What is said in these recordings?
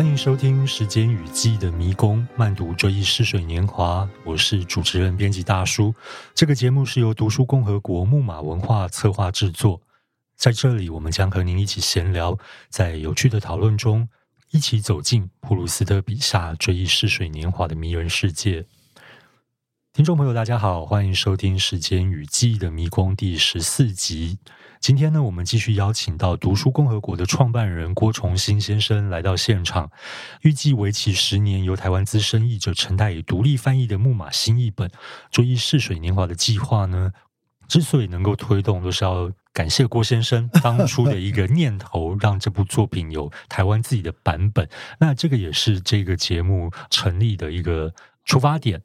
歡迎收聽《時間與記憶的迷宮》，慢讀追憶逝水年華。我是主持人、編輯大叔。這個節目是由讀書共和國、木馬文化策劃製作。在這裡，我們將和您一起閒聊，在有趣的討論中，一起走進普魯斯特筆下追憶逝水年華的迷人世界。聽眾朋友，大家好，歡迎收聽《時間與記憶的迷宮》第十四集。今天呢，我們繼續邀請到讀書共和國的創辦人郭重興先生來到現場。預計為期十年，由台灣資深譯者陳太乙獨立翻譯的《木馬》新譯本，《追憶逝水年華》的計劃呢，之所以能夠推動，都是要感謝郭先生當初的一個念頭， 讓這部作品有台灣自己的版本。那這個也是這個節目成立的一個出發點。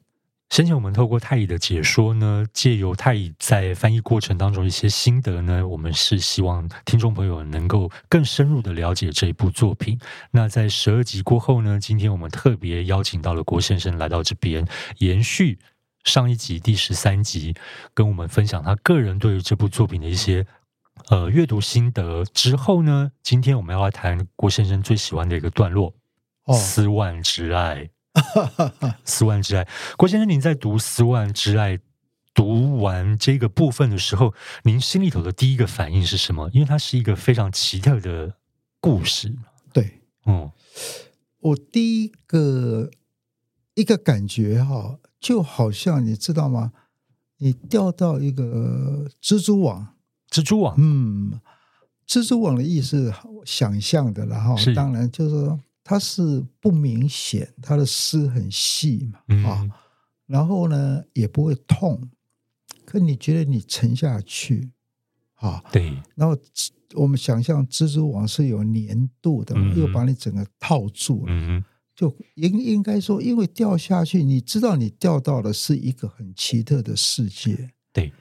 先前我們透過太乙的解說呢，借由太乙在翻譯過程當中一些心得呢，我們是希望聽眾朋友能夠更深入的了解這一部作品。那在十二集過後呢，今天我們特別邀請到了郭先生來到這邊，延續上一集第十三集，跟我們分享他個人對於這部作品的一些呃閱讀心得。之後呢，今天我們要來談郭先生最喜歡的一個段落——哦《斯萬之愛》。哈哈哈，《斯萬之愛》，郭先生，您在讀《斯萬之愛》讀完這個部分的時候，您心裡頭的第一個反應是什麼？因為它是一個非常奇特的故事。對，嗯，我第一個一個感覺哈、哦，就好像你知道嗎？你掉到一個蜘蛛網，蜘蛛網，嗯，蜘蛛網的意思，想象的、哦，然後當然就是說。它是不明顯，它的絲很細嘛，啊、嗯，然後呢也不會痛，可你覺得你沉下去，啊，對，然後我們想象蜘蛛網是有粘度的，嗯、又把你整個套住了，嗯，就應應該說，因為掉下去，你知道你掉到的是一個很奇特的世界，對，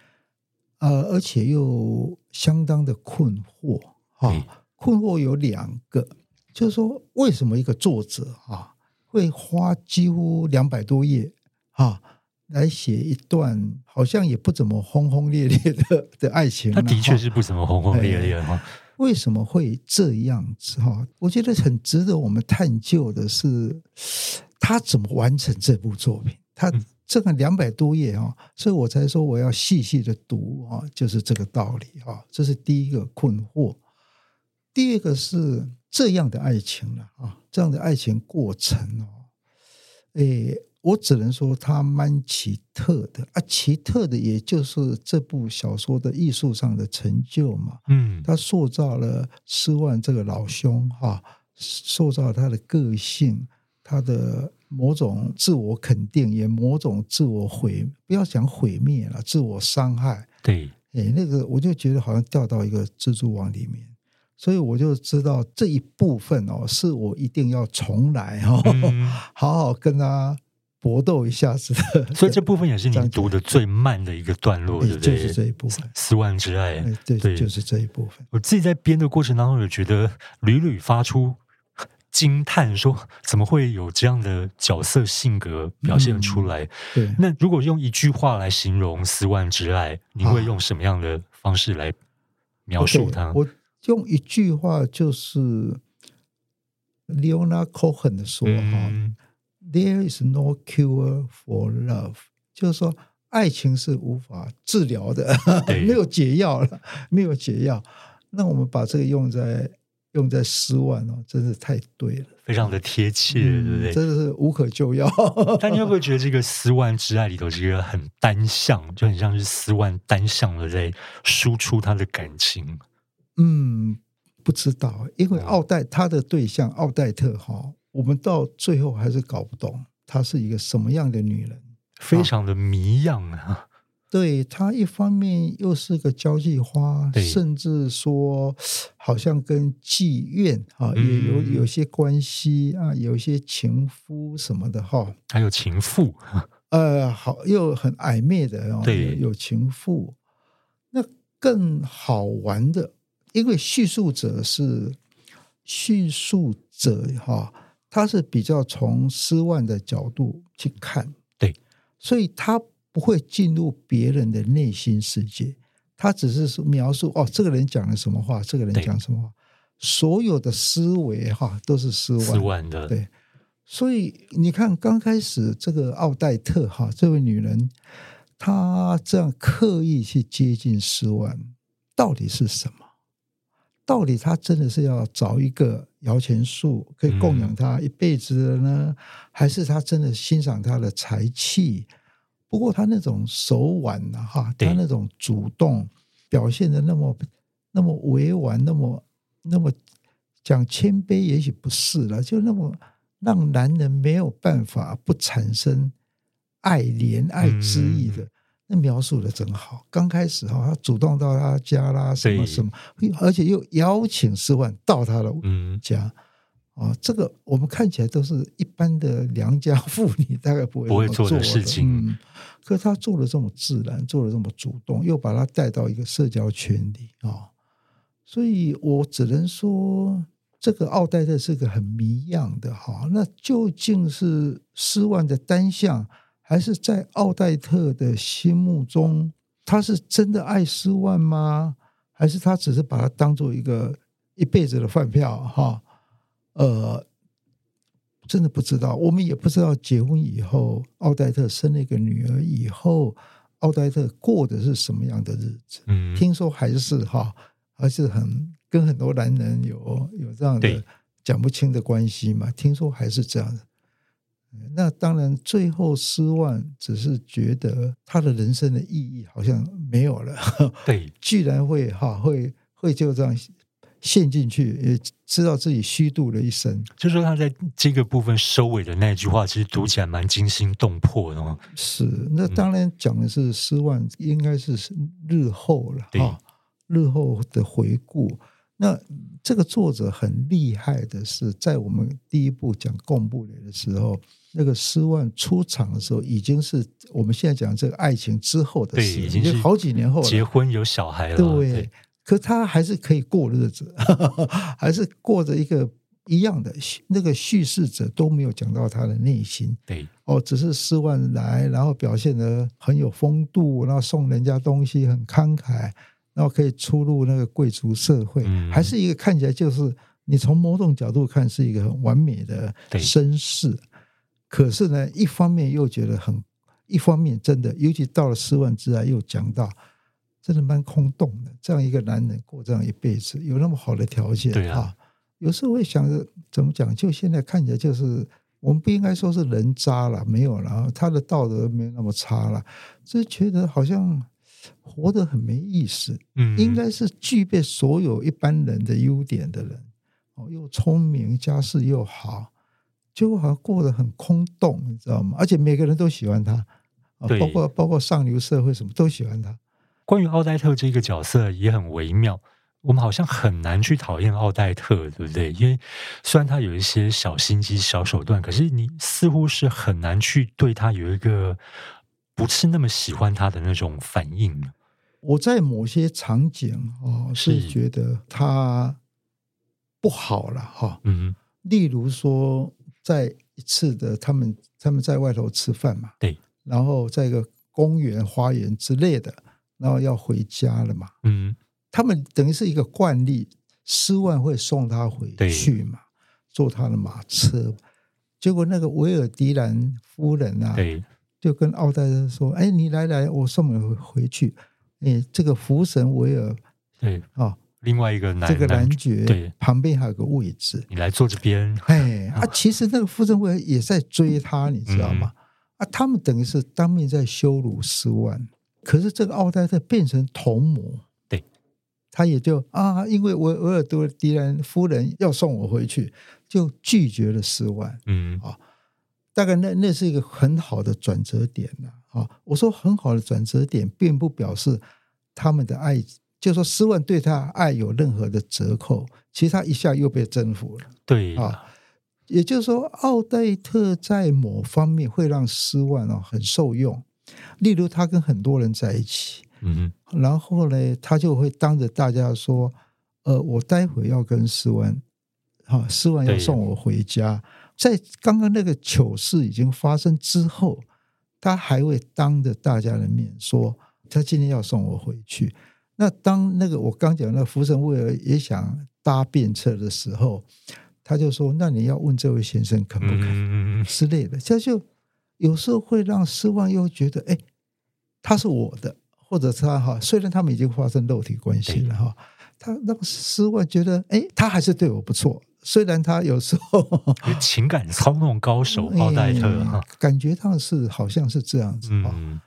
呃，而且又相當的困惑，啊，困惑有兩個。就是說，為什麼一個作者啊會花幾乎兩百多頁啊來寫一段好像也不怎麼轟轟烈烈的的愛情啊？他的確是不怎麼轟轟烈烈啊。哎，為什麼會這樣子哈？我覺得很值得我們探究的是，他怎麼完成這部作品？他這個兩百多頁啊，所以我才說我要細細的讀啊，就是這個道理啊。這是第一個困惑。第二個是。這樣的愛情了啊，這樣的愛情過程哦，誒，我只能說它蠻奇特的啊，奇特的也就是這部小說的藝術上的成就嘛。嗯，它塑造了施萬這個老兄哈、啊，塑造他的個性，他的某種自我肯定，也某種自我毀，不要講毀滅了，自我傷害。對，誒，那個我就覺得好像掉到一個蜘蛛網裡面。所以我就知道這一部分哦，是我一定要重來哦、嗯，呵呵，好好跟他搏鬥一下子的。所以這部分也是你讀的最慢的一個段落，對不對，對，對？就是這一部分，斯萬之愛。對。對，就是這一部分。我自己在編的過程當中，有覺得屢屢發出驚嘆，說怎麼會有這樣的角色性格表現出來？嗯、對。那如果用一句話來形容斯萬之愛、啊，你會用什麼樣的方式來描述它？用一句話就是，Leonard Cohen 的說哈、嗯、，There is no cure for love，就是說愛情是無法治療的，沒有解藥了，沒有解藥。那我們把這個用在用在斯萬哦，真是太對了，非常的貼切，對不對？嗯、真的是無可救藥。 但你會不會覺得這個斯萬之愛裡頭是一個很單向，就很像是斯萬單向的在輸出他的感情？嗯，不知道，因為奧黛她的對象、哦、奧黛特哈，我們到最後還是搞不懂她是一個什麼樣的女人，非常的謎樣啊。對，她一方面又是個交際花，甚至說好像跟妓院啊也有、嗯、有些關係啊，有些情夫什麼的哈。還有情婦，呃，好又很曖昧的哦，對，有情婦。那更好玩的。因為敘述者是敘述者哈，他是比較從斯萬的角度去看，對，所以他不會進入別人的內心世界，他只是描述哦，這個人講了什麼話，這個人講什麼話，所有的思維哈都是斯萬，斯萬的對，所以你看剛開始這個奧黛特哈，這位女人她這樣刻意去接近斯萬，到底是什麼？到底他真的是要找一個搖錢樹可以供養他一輩子的呢，嗯、還是他真的欣賞他的才氣？不過他那種手腕啊，哈，他那種主動、欸、表現的那麼那麼委婉，那麼那麼講謙卑，也許不是了，就那麼讓男人沒有辦法不產生愛憐愛之意的。嗯嗯。那描述的真好，剛開始哈、哦，他主動到他家啦，什麼什麼，而且又邀請斯萬到他的家，啊、嗯哦，這個我們看起來都是一般的良家婦女，大概不會不會做的事情，嗯，可他做了這麼自然，做了這麼主動，又把他帶到一個社交圈裡啊、哦，所以我只能說，這個奧黛特是個很謎樣的哈、哦，那究竟是斯萬的單向？還是在奧黛特的心目中，他是真的愛斯萬嗎？還是他只是把他當做一個一輩子的飯票？哈，呃，真的不知道。我們也不知道結婚以後，奧黛特生了一個女兒以後，奧黛特過的是什麼樣的日子。嗯嗯，聽說還是哈，還是很跟很多男人有有這樣的講不清的關係嘛，聽說還是這樣的。那當然，最後斯萬只是覺得他的人生的意義好像沒有了。對，居然會哈、啊，會會就這樣陷進去，也知道自己虛度了一生。就是、說他在這個部分收尾的那句話，其實讀起來蠻驚心動魄的嘛。是，那當然講的是斯萬，嗯、應該是日後了啊，日後的回顧。那這個作者很厲害的是，在我們第一部講貢布雷的時候，那個斯萬出場的時候，已經是我們現在講這個愛情之後的事，已經好幾年後結婚有小孩了，對小孩了對。對，可他還是可以過日子，呵呵還是過着一個一樣的。那個敘事者都沒有講到他的內心，對哦，只是斯萬來，然後表現得很有風度，然後送人家東西很慷慨。然後可以出入那個貴族社會，還是一個看起來就是你從某種角度看是一個很完美的紳士，可是呢，一方面又覺得很，一方面真的，尤其到了《斯萬之愛》又講到真的蠻空洞的。這樣一個男人過這樣一輩子，有那麼好的條件啊，有時候會想着怎麼講，就現在看起來就是我們不應該說是人渣了，沒有了，他的道德沒有那麼差了，就覺得好像。活得很沒意思，嗯，應該是具備所有一般人的優點的人，哦，又聰明，家世又好，就好像過得很空洞，你知道嗎？而且每個人都喜歡他，哦，包括包括上流社會什麼都喜歡他。關於奧黛特這個角色也很微妙，我們好像很難去討厭奧黛特，對不對？因為雖然他有一些小心機、小手段，可是你似乎是很難去對他有一個。不是那麼喜歡他的那種反應。我在某些場景哦，是覺得他不好了哈、哦。嗯，例如說，在一次的他們他們在外頭吃飯嘛，然後在一個公園、花園之類的，然後要回家了嘛，嗯，他們等於是一個慣例，斯萬會送他回去嘛，坐他的馬車、嗯。結果那個維爾迪蘭夫人啊，就跟奧黛特說：“哎、欸，你來來，我送你回去。哎、欸，這個福神維爾，對啊、哦，另外一個男這個男爵，對旁邊還有個位置，你來坐這邊。哎、欸嗯，啊，其實那個福神維爾也在追他，你知道嗎？嗯、啊，他們等於是當面在羞辱斯萬。可是這個奧黛特變成同謀，對他也就啊，因為維維爾多迪蘭夫人要送我回去，就拒絕了斯萬。嗯啊。哦”大概那那是一個很好的轉折點啊、哦！我說很好的轉折點，並不表示他們的愛，就是、說斯萬對他愛有任何的折扣，其實他一下又被征服了。對啊，哦、也就是說，奧黛特在某方面會讓斯萬啊、哦、很受用，例如他跟很多人在一起，嗯然後呢，他就會當着大家說，呃，我待會要跟斯萬，好、哦，斯萬要送我回家。在剛剛那個糗事，已經發生之後，他還會當着大家的面說他今天要送我回去。那當那個我剛講的福神威爾也想搭便車的時候，他就說：“那你要問這位先生肯不肯？嗯、之類的。”這就有時候會讓失望，又覺得哎，他是我的，或者他哈，雖然他們已經發生肉體關係了哈。嗯他讓斯萬覺得，哎、欸，他還是對我不錯。雖然他有時候情感操弄高手奧黛、嗯、特哈、欸，感覺上是好像是這樣子、嗯、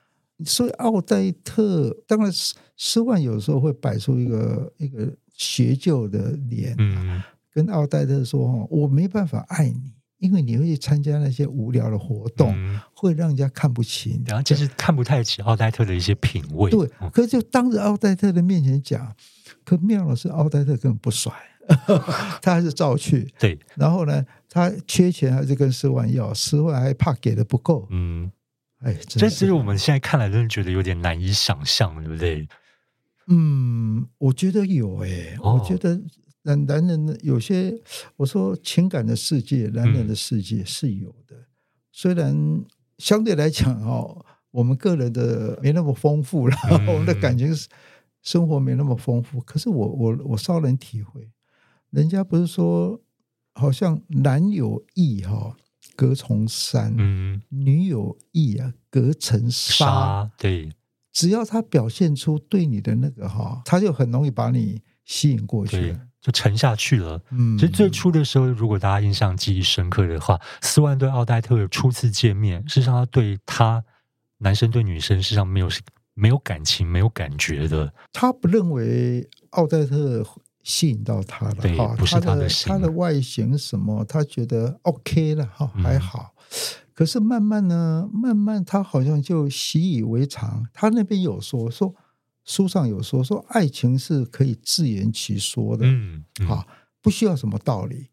所以奧黛特當然斯施萬有時候會擺出一個一個學究的臉、嗯，跟奧黛特說：“我沒辦法愛你，因為你會參加那些無聊的活動，嗯、會讓人家看不起你。」然後就是看不太起奧黛特的一些品味。對”對、嗯，可是就當着奧黛特的面前講。可妙的是，奧黛特根本不甩呵呵，他還是照去。對，然後呢，他缺錢還是跟斯萬要，斯萬還怕給的不夠。嗯，哎，這其實我們現在看來，都覺得有點難以想象，對不對？嗯，我覺得有哎、欸、哦，我覺得男男人的有些，我說情感的世界，男人的世界是有的，嗯、雖然相對來講哦，我們個人的沒那麼豐富了，嗯、 我們的感情是。生活沒那麼豐富，可是我我我稍能體會，人家不是說好像男有意哈，隔重山，嗯、女有意啊隔層紗，對，只要他表現出對你的那個哈、哦，他就很容易把你吸引過去，對，就沉下去了。嗯，其實最初的時候，如果大家印象記憶深刻的話，斯萬對奧黛特有初次見面，事實上他對他男生對女生事實上沒有。沒有感情、沒有感覺的，他不認為奧黛特吸引到他了，他的，他的外形什麼，他覺得 OK 了，哈、哦，還好、嗯。可是慢慢呢，慢慢他好像就習以為常。他那邊有說說，書上有說說，愛情是可以自圓其說的，嗯，嗯好，不需要什麼道理，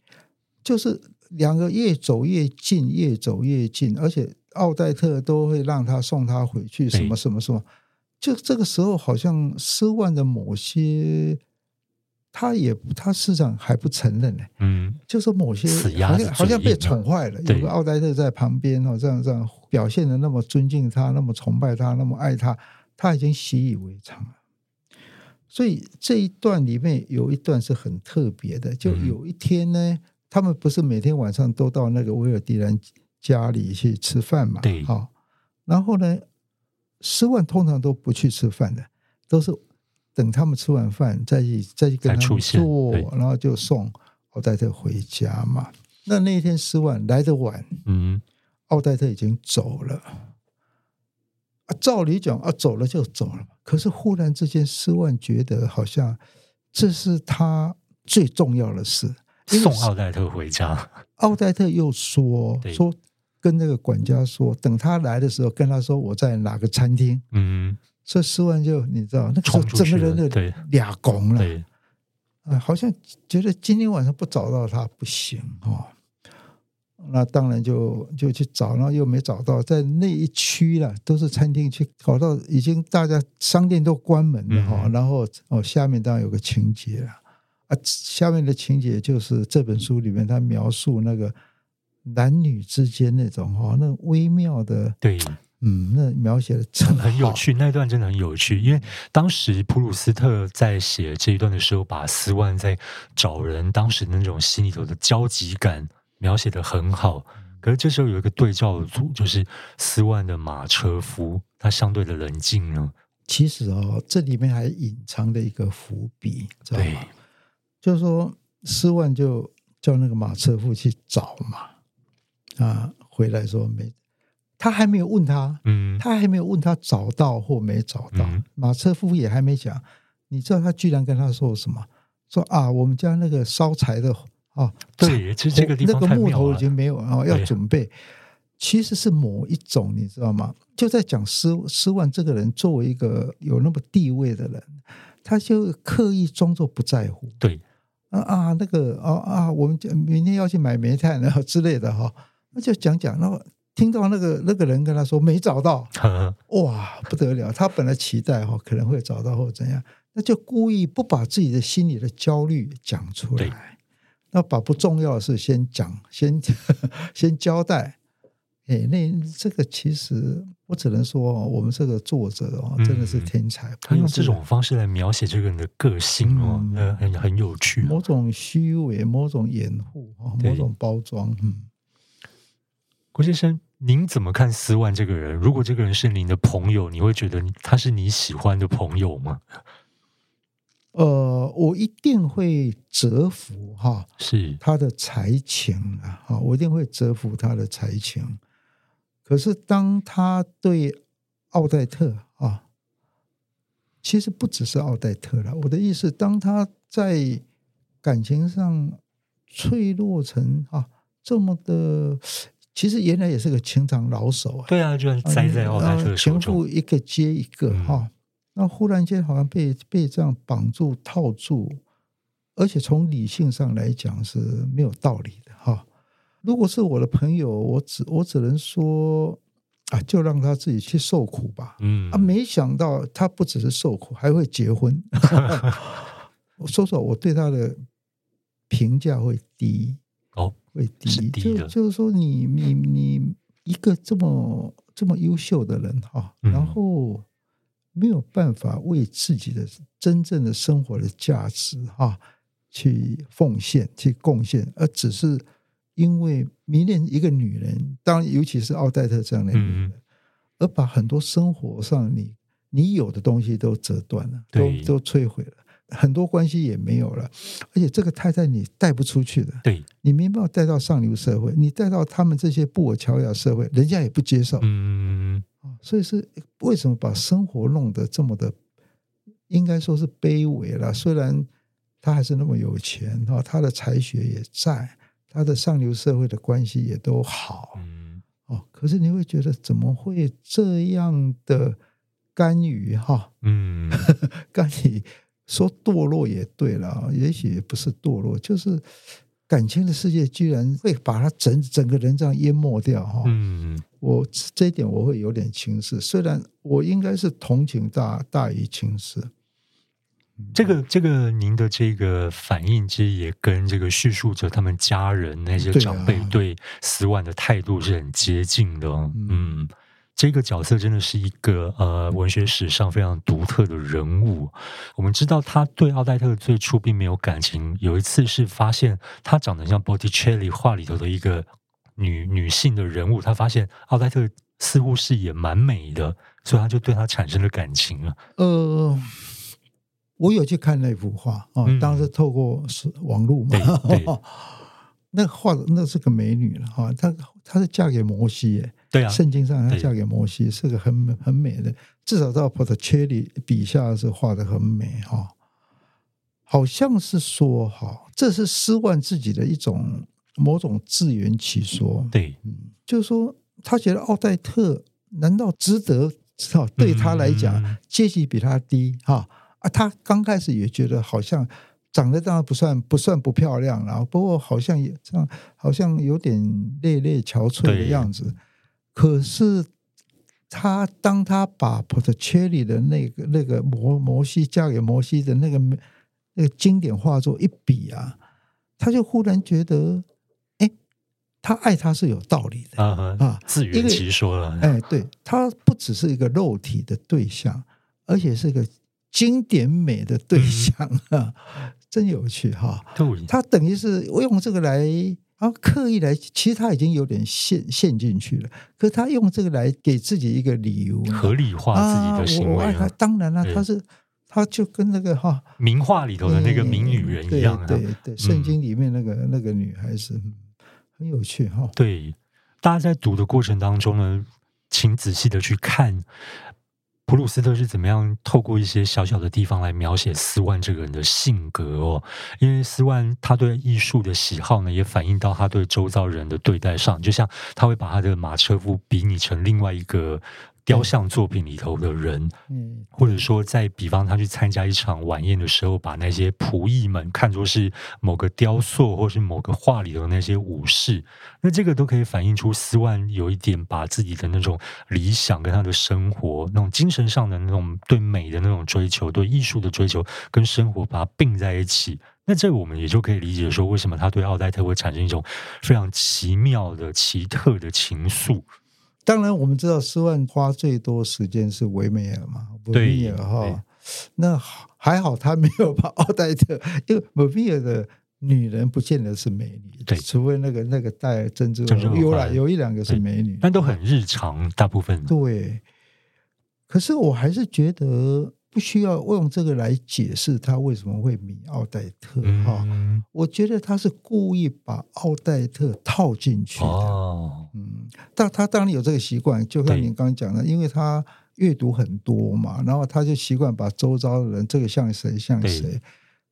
就是兩個越走越近，越走越近，而且奧黛特都會讓他送他回去，什麼什麼什麼。哎就這個時候，好像斯萬的某些他，他也他事實上還不承認呢。嗯，就是某些好像此丫好像被寵壞了。有個奧黛特在旁邊哦，這樣這樣表現的那麼尊敬他，那麼崇拜他，那麼愛他，他已經習以為常了。所以這一段裡面有一段是很特別的。就有一天呢，嗯、他們不是每天晚上都到那個威爾迪蘭家裡去吃飯嘛？對，好、哦，然後呢？斯萬通常都不去吃飯的，都是等他們吃完飯再去再去跟他們坐，然後就送奧黛特回家嘛。那那一天斯萬來得晚，嗯，奧黛特已經走了。啊、照理講啊，走了就走了。可是忽然之間，斯萬覺得好像這是他最重要的事，嗯、送奧黛特回家。奧黛特又說、嗯、說。跟那個管家說，等他來的時候，跟他說我在哪個餐廳。嗯，說說完就你知道，那個整個人就抓狂了。哎、啊，好像覺得今天晚上不找到他不行哦。那當然就就去找了，然後又沒找到，在那一區了，都是餐廳去搞到已經大家商店都關門了哈、嗯。然後哦，下面當然有個情節啊，啊，下面的情節就是這本書裡面他描述那個。男女之間那種哈、哦，那微妙的對，嗯，那描寫的真的很有趣。那一段真的很有趣，因為當時普魯斯特在寫這一段的時候，把斯萬在找人當時那種心裡頭的焦急感描寫的很好。可是這時候有一個對照組，就是斯萬的馬車夫，他相對的冷靜呢。其實哦，這裡面還隱藏着一個伏筆，知道嗎？對。就是說斯萬就叫那個馬車夫去找嘛。啊，回來說沒，他還沒有問他，嗯、他還沒有問他找到或沒找到。嗯、馬車夫也還沒講，你知道他居然跟他說什麼？說啊，我們家那個燒柴的啊，對，這個地方太妙了，啊哦，那個木頭已經沒有了，哦，要準備。其實是某一種，你知道嗎？就在講斯斯萬這個人作為一個有那麼地位的人，他就刻意裝作不在乎。對啊啊那個啊啊，我們明天要去買煤炭之類的哈，哦。那就講講，那聽到那個那個人跟他說沒找到，嗯、哇不得了！他本來期待哈、哦，可能會找到或者怎樣，那就故意不把自己的心裡的焦慮講出來，那把不重要的事先講，先呵呵先交代。哎，那這個其實我只能說，我們這個作者哦、嗯，真的是天才。他用這種方式來描寫這個人的個性哦，嗯呃、很很有趣、啊，某種虛偽，某種掩護，某種包裝，嗯。郭先生，您怎麼看斯萬這個人？如果這個人是您的朋友，你會覺得他是你喜歡的朋友嗎？呃，我一定會折服哈，是他的才情啊，我一定會折服他的才情。可是當他對奧黛特啊，其實不只是奧黛特了。我的意思，當他在感情上脆弱成啊這麼的。其實原來也是個情場老手啊，對啊，就，在後就是三妻四妾特別嚴重，啊、情婦一個接一個哈。那、嗯啊、忽然間好像被被這樣綁住套住，而且從理性上來講是沒有道理的哈、啊。如果是我的朋友，我只我只能說啊，就讓他自己去受苦吧。嗯啊，沒想到他不只是受苦，還會結婚。我 說說我對他的評價會低。會低，低就就是說你，你你你一個這麼這麼優秀的人哈、嗯，然後沒有辦法為自己的真正的生活的價值哈、啊、去奉獻、去貢獻，而只是因為迷戀一個女人，當然尤其是奧黛特這樣的女人，而把很多生活上你你有的東西都折斷了，都都摧毀了。很多關係也沒有了，而且這個太太你帶不出去的，對，你沒辦法帶到上流社會，你帶到他們這些布爾喬亞社會，人家也不接受，嗯，所以是為什麼把生活弄得這麼的，應該說是卑微了。雖然他還是那麼有錢，他的才學也在，他的上流社會的關係也都好，嗯，哦，可是你會覺得怎麼會這樣的甘於？哈，嗯，甘於。說墮落也對了，也許也不是墮落，就是感情的世界居然會把他整整個人這樣淹沒掉哈、哦。嗯，我這一點我會有點輕視，雖然我應該是同情大大於輕視、嗯。這個這個，您的這個反應其實也跟這個敘述者他們家人那些長輩對斯萬的態度是很接近的、哦。嗯。嗯這個角色真的是一個呃文學史上非常獨特的人物。我們知道他對奧黛特最初並沒有感情。有一次是發現他長得像 Botticelli 畫裡頭的一個女女性的人物，他發現奧黛特似乎是也蠻美的，所以他就對她產生了感情了。呃，我有去看那幅畫啊、嗯，當時透過是網絡嘛，對，對呵呵那畫那是個美女了哈，她、啊、她是嫁給摩西耶。對啊、對聖經上，他嫁給摩西，是個很很美的，至少在波提切利筆下是畫得很美哈、哦，好像是說哈，這是斯萬自己的一種某種自圓其說。對、嗯，就是說他覺得奧黛特難道值得？至少對他來講，嗯、階級比他低哈、哦、啊，他剛開始也覺得好像長得當然不算不算不漂亮，然後不過好像也這樣，好像有點劣劣憔悴的樣子。可是他，他當他把波提切利的那個那個摩摩西嫁給摩西的那個那個經典畫作一比啊，他就忽然覺得，哎、欸，他愛他是有道理的啊，啊，自圓其說了。哎、欸，對，他不只是一個肉體的對象，而且是一個經典美的對象、嗯、啊，真有趣哈、哦。他等於是我用這個來。然、啊、後刻意來，其實他已經有點陷陷進去了。可是他用這個來給自己一個理由，合理化自己的行為、啊啊。當然了、啊，他是，他就跟那個哈名畫裡頭的那個名女人一樣的，欸、對對，對，聖經裡面那個、嗯、那個女孩子很有趣哈、哦。對，大家在讀的過程當中呢，請仔細的去看。普魯斯特是怎麼樣透過一些小小的地方來描寫斯萬這個人的性格哦。因為斯萬他對藝術的喜好呢，也反映到他對周遭人的對待上，就像他會把他的馬車夫比擬成另外一個雕像作品裡頭的人，嗯、或者說，在比方他去參加一場晚宴的時候，把那些僕役們看作是某個雕塑，或是某個畫裡頭的那些武士，那這個都可以反映出斯萬有一點把自己的那種理想跟他的生活，那種精神上的那種對美的那種追求，對藝術的追求，跟生活把它併在一起。那這我們也就可以理解說，為什麼他對奧黛特會產生一種非常奇妙的、奇特的情愫。嗯當然，我們知道斯萬花最多時間是維米爾嘛，對哈，那還好他沒有把奧黛特，因為維米爾的女人不見得是美女，對，對，除非那個那個戴珍珠，有有一兩個是美女，但都很日常，大部分對。可是我還是覺得不需要用這個來解釋他為什麼會迷奧黛特哈、嗯，我覺得他是故意把奧黛特套進去的。哦嗯，但他當然有這個習慣，就像您剛剛講的，因為他閱讀很多嘛，然後他就習慣把周遭的人這個像誰像誰。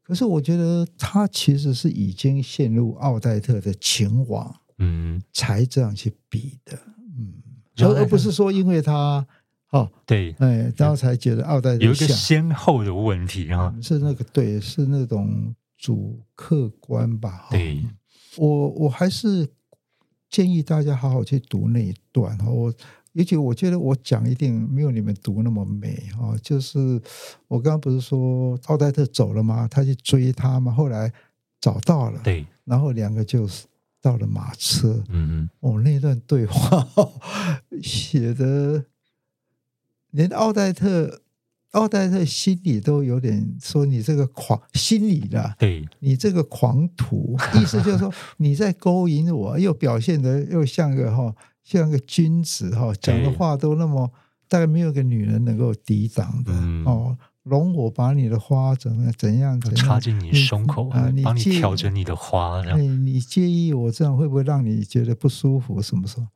可是我覺得他其實是已經陷入奧黛特的情網，嗯，才這樣去比的，嗯，而而不是說因為他，哦，對，哎，然後才覺得奧黛特有一個先後的問題，哈，嗯，是那個對，是那種主客觀吧，對我我還是。建議大家好好去讀那一段哈，我也許我覺得我講一定沒有你們讀那麼美啊、哦，就是我剛剛不是說奧黛特走了嗎？他去追他嗎？後來找到了，對，然後兩個就到了馬車，嗯嗯，我、哦、那段對話寫的，連奧黛特。哦，大家在心裡都有點說你這個狂心理的，對，你這個狂徒，意思就是說你在勾引我， 又表現得又像個哈，像個君子哈，講的話都那麼，大概沒有個女人能夠抵擋的、嗯。哦，容我把你的花怎麼怎樣怎樣插進你胸口你啊，你幫調整你，你的花、哎。你介意我這樣會不會讓你覺得不舒服？什麼時候？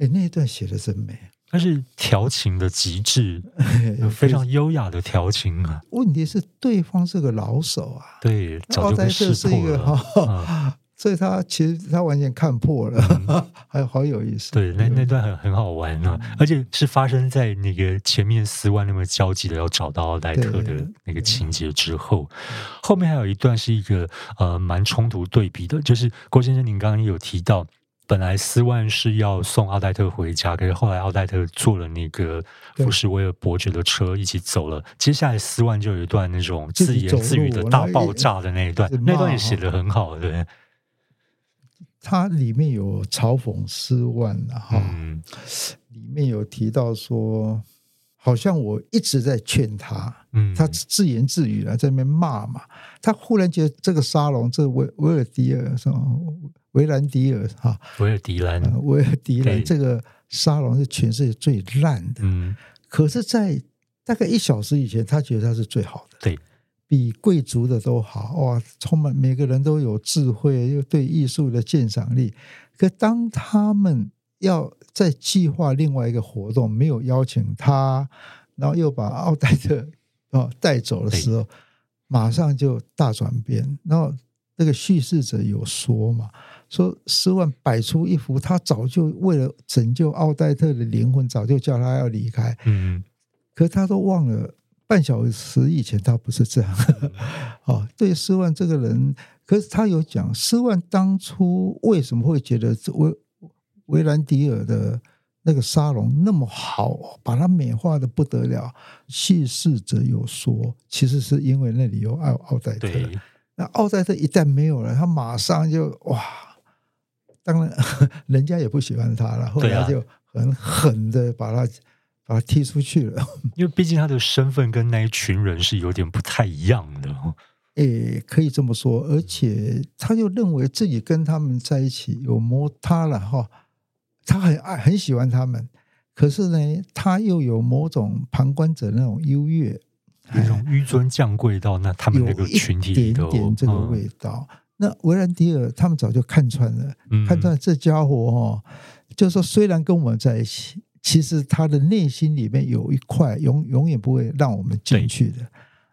哎，那一段寫的真美。但是調情的極致，有非常優雅的調情啊！問題是對方是個老手啊，對，早就被識破了哈、哦、所以他其實他完全看破了，還、嗯、有好有意思。對，那那段很很好玩啊、嗯，而且是發生在那個前面斯萬那麼焦急的要找到奧黛特的那個情節之後，後面還有一段是一個呃蠻衝突對比的，就是郭先生，您剛剛有提到。本來斯萬是要送奧黛特回家，可是後來奧黛特坐了那個富士威爾伯爵的車一起走了。接下來斯萬就有一段那種自言自語的大爆炸的那一段，那段也寫得很好的。他裡面有嘲諷斯萬然後、啊、哈、嗯，裡面有提到說，好像我一直在勸他，嗯，他自言自語了、啊，在那罵嘛。他忽然覺得這個沙龍，這維維爾迪爾維蘭迪爾哈，維爾迪蘭，呃、維爾迪蘭這個沙龍是全世界最爛的。嗯，可是，在大概一小時以前，他覺得他是最好的，對，比貴族的都好哇！充滿每個人都有智慧，又對藝術的鑑賞力。可當他們要再計劃另外一個活動，沒有邀請他，然後又把奧黛特哦、嗯、帶走的時候，馬上就大轉變。然後那個敘事者有說嘛？說斯萬擺出一副他早就為了拯救奧黛特的靈魂，早就叫他要離開。嗯、可是他都忘了半小時以前他不是這樣。嗯、哦，對，斯萬這個人，可是他有講，斯萬當初為什麼會覺得維維蘭迪爾的那個沙龍那麼好，把它美化得不得了？敘事者有說，其實是因為那裡有愛奧黛特。那奧黛特一旦沒有了，他馬上就哇！當然，人家也不喜歡他了。後來就很狠的把他，啊、把他踢出去了。因為畢竟他的身份跟那一群人是有點不太一樣的。誒，可以這麼說。而且他就認為自己跟他們在一起有摩擦了哈。他很愛很喜歡他們，可是呢，他又有某種旁觀者那種優越，那種紆尊降貴到那他們那個群體裡頭，點點這個味道。嗯。那韋蘭迪爾他們早就看穿了，嗯、看穿了這家伙哈，就是說雖然跟我在一起，其實他的內心裡面有一塊永永遠不會讓我們進去的。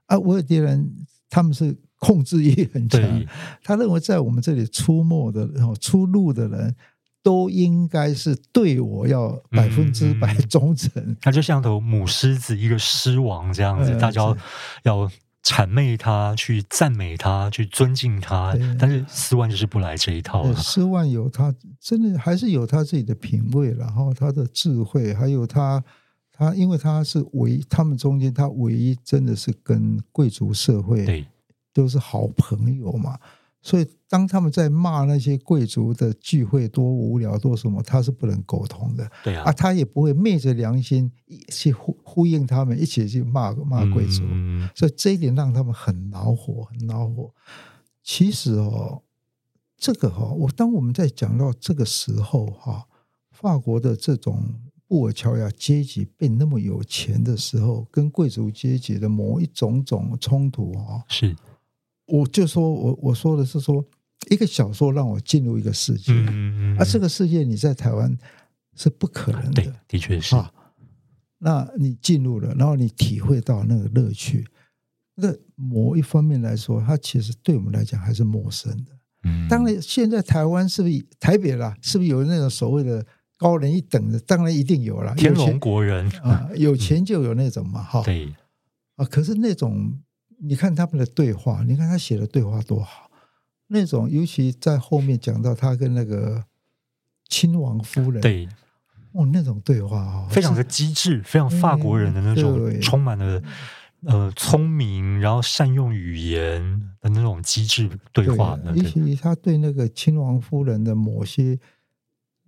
啊，韋爾迪人他們是控制欲很強，他認為在我們這裡出沒的、出入的人都應該是對我要百分之百忠誠、嗯嗯。他就像頭母獅子，一個獅王這樣子，大、嗯、家要。諂媚他，去讚美他，去尊敬他，但是斯萬就是不來這一套的。斯萬有他，真的還是有他自己的品味，然後他的智慧，還有他他，因為他是唯一，他們中間，他唯一真的是跟貴族社會都是好朋友嘛。所以，當他們在罵那些貴族的聚會多無聊多什麼，他是不能溝通的。對啊。啊，他也不會昧着良心去呼呼應他們一起去罵罵貴族。嗯。所以這一點讓他們很惱火，很惱火。其實哦，這個哈、哦，我當我們在講到這個時候哈、哦，法國的這種布爾喬亞階級變那麼有錢的時候，跟貴族階級的某一種種衝突啊、哦，是。我就說，我我說的是說，一個小說讓我進入一個世界，而、嗯嗯啊、這個世界你在台灣是不可能的，的確是、哦、那你進入了，然後你體會到那個樂趣。那某一方面來說，它其實對我們來講還是陌生的。嗯、當然，現在台灣是不是台北啦？是不是有那種所謂的高人一等的？當然一定有啦。天龍國人啊、嗯，有錢就有那種嘛，哈、哦嗯嗯。對。啊，可是那種。你看他們的對話，你看他寫的對話多好，那種尤其，在後面講到他跟那個親王夫人，對，哦，那種對話哦，非常的機智，非常法國人的那種充，充滿了呃聰明，然後善用語言的那種機智對話對對。尤其他對那個親王夫人的某些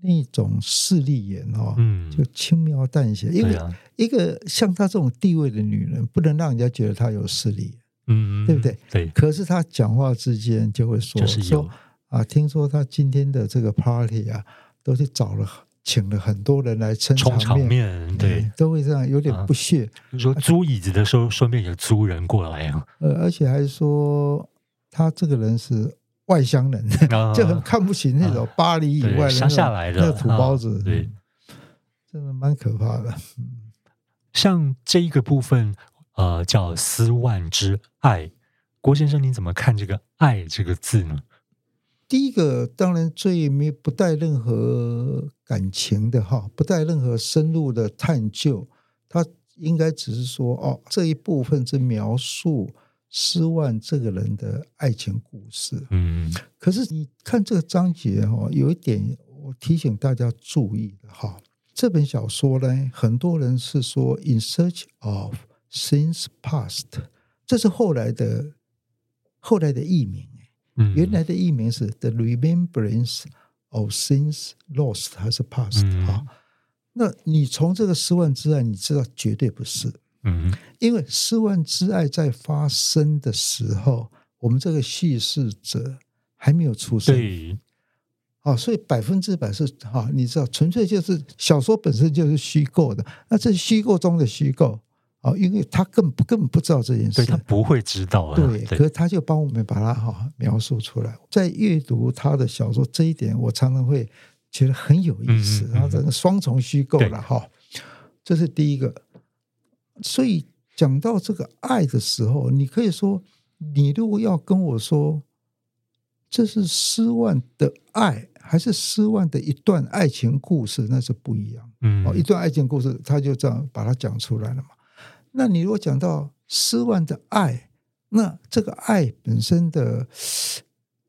那種勢利眼哦，嗯，就輕描淡寫、對啊，因為一個像他這種地位的女人，不能讓人家覺得她有勢力。嗯，對不對？對。可是他講話之間就會說、就是、說啊，聽說他今天的這個 party 啊，都是找了請了很多人來撐場面，場面對、嗯，都會這樣有點不屑。啊就是、說租椅子的時候、啊、順便也租人過來啊，呃，而且還說他這個人是外鄉人，啊、 就很看不起那種巴黎以外鄉、啊那個、下，下來的、那個、土包子，啊、對、嗯，真的蠻可怕的。嗯，像這一個部分。呃，叫《斯萬之愛》，郭先生，你怎麼看這個“愛”這個字呢？第一個，當然最沒不帶任何感情的哈，不帶任何深入的探究，他應該只是說哦，這一部分是描述斯萬這個人的愛情故事。嗯，可是你看這個章節哈，有一點我提醒大家注意的哈、哦，這本小說呢，很多人是說《In Search of》。Since past，這是後來的後來的譯名、嗯。原來的譯名是《The Remembrance of Things Lost》，還是 past,、嗯《Past》啊？那你從這個斯萬之愛，你知道絕對不是。嗯，因為斯萬之愛在發生的時候，我們這個敘事者還沒有出生。啊、哦，所以百分之百是好、哦，你知道，純粹就是小說本身就是虛構的，那這是虛構中的虛構。哦，因為他根本根本不知道這件事，所以他不會知道、啊對，對，可是他就幫我們把它哈、哦、描述出來。在閱讀他的小說，這一點我常常會覺得很有意思。然後這個雙重虛構了哈、哦，這是第一個。所以講到這個愛的時候，你可以說，你如果要跟我說這是斯萬的愛，還是斯萬的一段愛情故事，那是不一樣。嗯，哦，一段愛情故事，他就這樣把它講出來了嘛。那你如果講到斯萬的愛，那這個愛本身的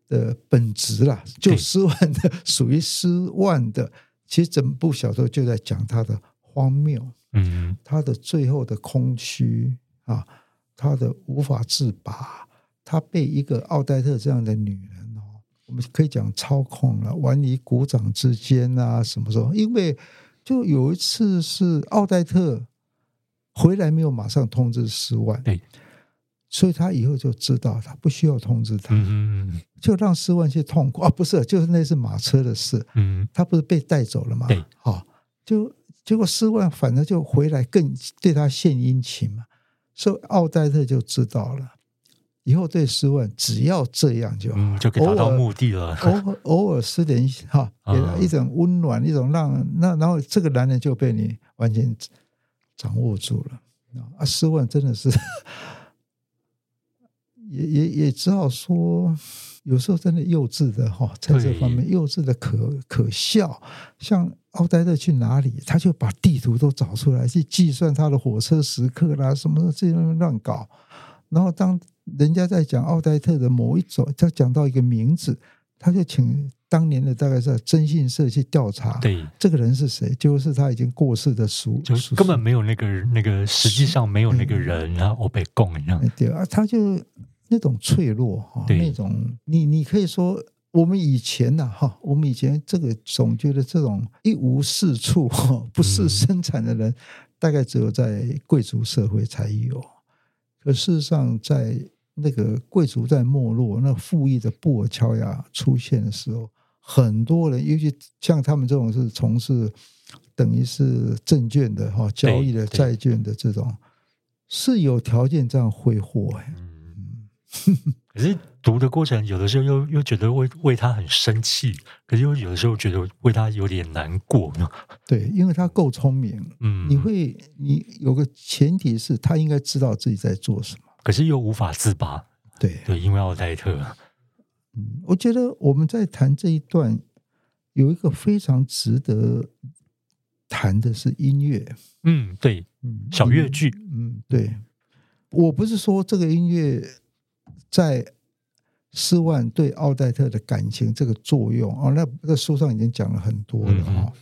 的本質啦，就斯萬的，屬於斯萬的。其實整部小說就在講他的荒謬，嗯，嗯，他的最後的空虛啊，他的無法自拔，他被一個奧黛特這樣的女人哦，我們可以講操控了，玩於股掌之間啊，什麼時候？因為就有一次是奧黛特。回來沒有馬上通知斯萬，對，所以他以後就知道，他不需要通知他、嗯，嗯嗯、就讓斯萬去痛苦啊，不是，就是那是馬車的事、嗯，嗯、他不是被帶走了嗎？對，好，就結果斯萬反正就回來更對他獻殷勤嘛，所以奧黛特就知道了，以後對斯萬只要這樣就、嗯、就可以達到目的了，偶爾偶爾失聯哈、哦嗯，嗯、給他一種溫暖，一種讓那然後這個男人就被你完全掌握住了啊！斯萬真的是，也也也只好說，有時候真的幼稚的哈，在這方面幼稚的可可笑。像奧黛特去哪裡，他就把地圖都找出來，去計算他的火車時刻啦，什麼這些亂搞。然後當人家在講奧黛特的某一種，他講到一個名字。他就請當年的大概是徵信社去調查，對，這個人是誰？就是他已經過世的叔，就根本沒有那個那個，實際上沒有那個人，啊，然、嗯、後被供一樣。對啊，他就那種脆弱，啊，哈，那種你你可以說，我們以前吶，啊，哈，我們以前這個總覺得這種一無是處，哈，不是生產的人，嗯，大概只有在貴族社會才有，可事實上在。那個貴族在沒落，那富裕的布爾喬亞出現的時候，很多人，尤其像他們這種是從事等於是證券的哈交易的債券的這種，是有條件這樣揮霍、欸、嗯， 可是讀的過程，有的時候又又覺得為為他很生氣，可是又有的時候覺得為他有點難過。對，因為他夠聰明。嗯，你會你有個前提是他應該知道自己在做什麼。可是又無法自拔，對、啊、對，因為奧黛特。嗯，我覺得我們在談這一段有一個非常值得談的是音樂。嗯，對，嗯，小樂句嗯。嗯，對，我不是說這個音樂在斯萬對奧黛特的感情這個作用啊、哦，那那書上已經講了很多了、嗯、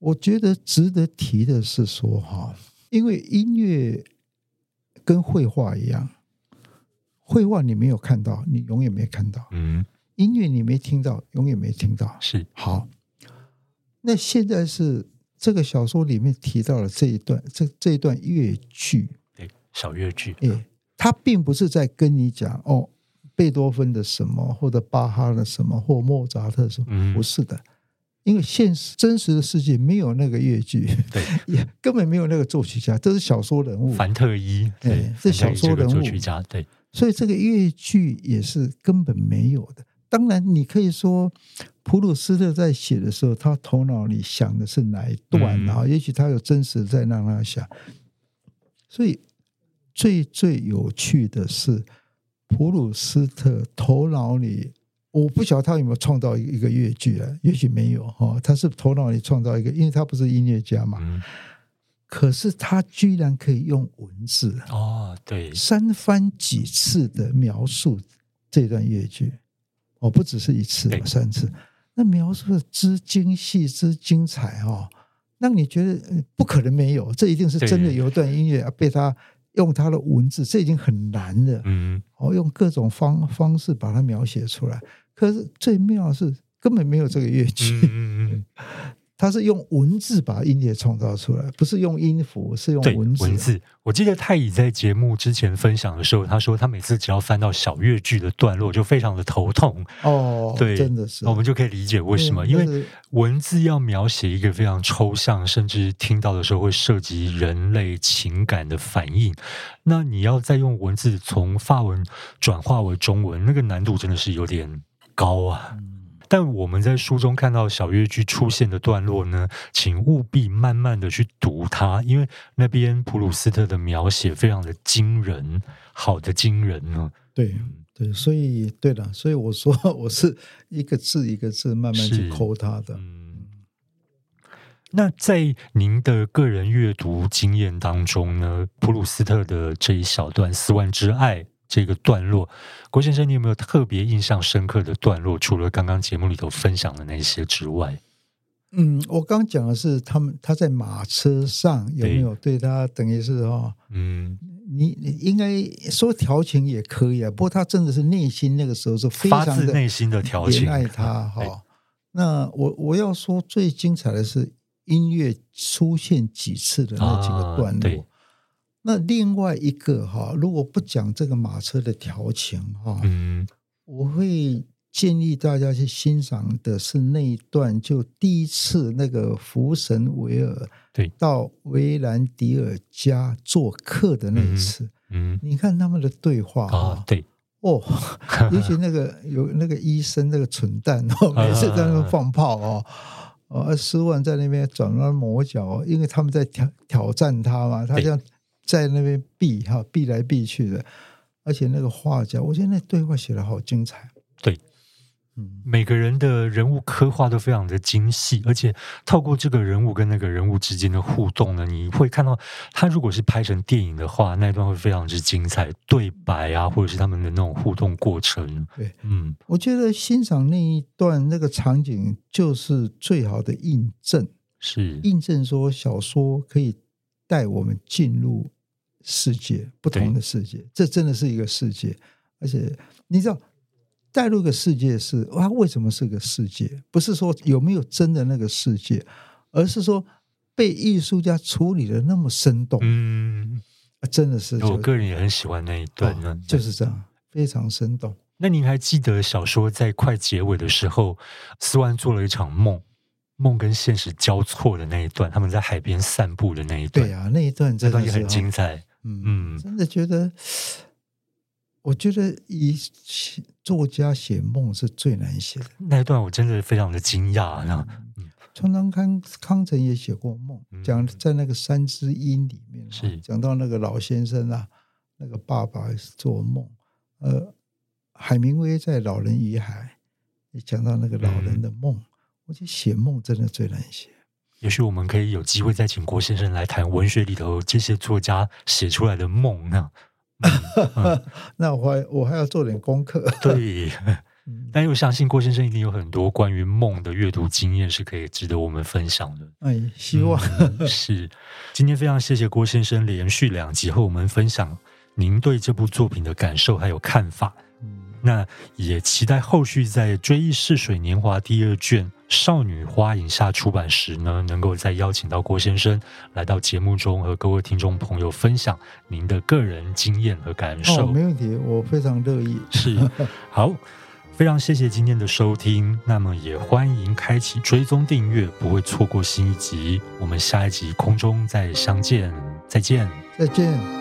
我覺得值得提的是說哈，因為音樂。跟繪畫一樣，繪畫你沒有看到，你永遠沒看到。嗯，音樂你沒聽到，永遠沒聽到。是好，那現在是這個小說裡面提到了這一段，這這一段樂句，對、欸，小樂句，哎、欸，他並不是在跟你講哦，貝多芬的什麼，或者巴哈的什麼，或莫扎特的什麼、嗯，不是的。因為現實、真實的世界沒有那個樂句，對，也根本沒有那個作曲家，這是小說人物。凡特伊、欸，對，是小說人物。作曲家對，所以這個樂句也是根本沒有的。當然，你可以說普魯斯特在寫的時候，他頭腦裡想的是哪一段、嗯、然後也許他有真實在讓他想。所以，最最有趣的是，普魯斯特頭腦裡。我不曉得他有沒有創造一個樂句啊？也許沒有哈、哦，他是頭腦裡創造一個，因為他不是音樂家嘛、嗯。可是他居然可以用文字哦，對，三番幾次的描述這段樂句，哦，不只是一次兩次、欸，那描述的之精細之精彩哦，讓你覺得不可能沒有？這一定是真的有一段音樂被他用他的文字，這已經很難了。嗯，哦，用各種方方式把它描寫出來。可是最妙的是根本沒有這個樂句，嗯嗯嗯，嗯，他是用文字把音樂創造出來，不是用音符，是用文字、啊文字。我記得太乙在節目之前分享的時候，他說他每次只要翻到小樂句的段落，就非常的頭痛哦。對，真的是。我們就可以理解為什麼、嗯，因為文字要描寫一個非常抽象，甚至聽到的時候會涉及人類情感的反應。那你要再用文字從法文轉化為中文，那個難度真的是有點。高啊！但我們在書中看到小樂曲出現的段落呢，請務必慢慢的去讀它，因為那邊普魯斯特的描寫非常的驚人，好的驚人啊！對對，所以對了，所以我說我是一個字一個字慢慢去摳它的。嗯，那在您的個人閱讀經驗當中呢，普魯斯特的這一小段《斯萬之愛》。這個段落，郭先生，你有沒有特別印象深刻的段落？除了剛剛節目裡頭分享的那些之外，嗯，我剛講的是他們他在馬車上有沒有對他，對等於是哈、哦，嗯，你，你應該說調情也可以啊、嗯，不過他真的是內心那個時候是非常的發自內心的調情，愛他哈、哦哎。那我我要說最精彩的是音樂出現幾次的那幾個段落。啊那另外一個哈、啊，如果不講這個馬車的調情哈、啊，嗯，我會建議大家去欣賞的是那一段，就第一次那個福神維爾到維蘭迪爾家做客的那一次，嗯，嗯，你看他們的對話啊，啊對哦，尤其那個有那個醫生那個蠢蛋哦， 每次在那放炮哦、啊，呃、啊啊啊啊啊，斯萬在那邊轉彎抹角，因為他們在挑挑戰他嘛，他這樣。在那邊避哈，避來避去的，而且那個畫家，我覺得那對話寫得好精彩。對，嗯，每個人的人物刻畫都非常的精細，而且透過這個人物跟那個人物之間的互動呢，你會看到他如果是拍成電影的話，那一段會非常之精彩，對白啊，嗯，或者是他們的那種互動過程。對，嗯，我覺得欣賞那一段那個場景，就是最好的印證，是印證說小說可以帶我們進入。世界不同的世界，這真的是一個世界。而且你知道，帶入一個世界是它為什麼是個世界？不是說有沒有真的那個世界，而是說被藝術家處理的那麼生動。嗯，啊、真的是。我個人也很喜歡那一段呢、哦，就是這樣非常生動。那您還記得小說在快結尾的時候，斯萬做了一場夢，夢跟現實交錯的那一段，他們在海邊散步的那一段。對啊，那一段真的也很精彩。哦嗯嗯，真的覺得、嗯，我覺得以作家寫夢是最難寫的。那一段我真的非常的驚訝，你、那個、嗯，知道嗎？川端康成也寫過夢，嗯、講在那個《山之音》裡面，是講到那個老先生啊，那個爸爸也是做夢。呃，海明威在《老人與海》也講到那個老人的夢，嗯、我覺得寫夢真的最難寫。也許我們可以有機會再請郭先生來談文學裡頭這些作家寫出來的夢那樣。嗯嗯、 那我還我還要做點功課。 對，但又相信郭先生一定有很多關於夢的閱讀經驗是可以值得我們分享的。哎，希望、嗯、是。今天非常謝謝郭先生連續兩集和我們分享您對這部作品的感受還有看法。那也期待後續在《追憶逝水年華》第二卷《少女花影下》出版時呢，能夠再邀請到郭先生來到節目中和各位聽眾朋友分享您的個人經驗和感受。哦，沒問題，我非常樂意。 是，好，非常謝謝今天的收聽。那麼也歡迎開啟追蹤訂閱，不會錯過新一集。我們下一集空中再相見，再見，再見。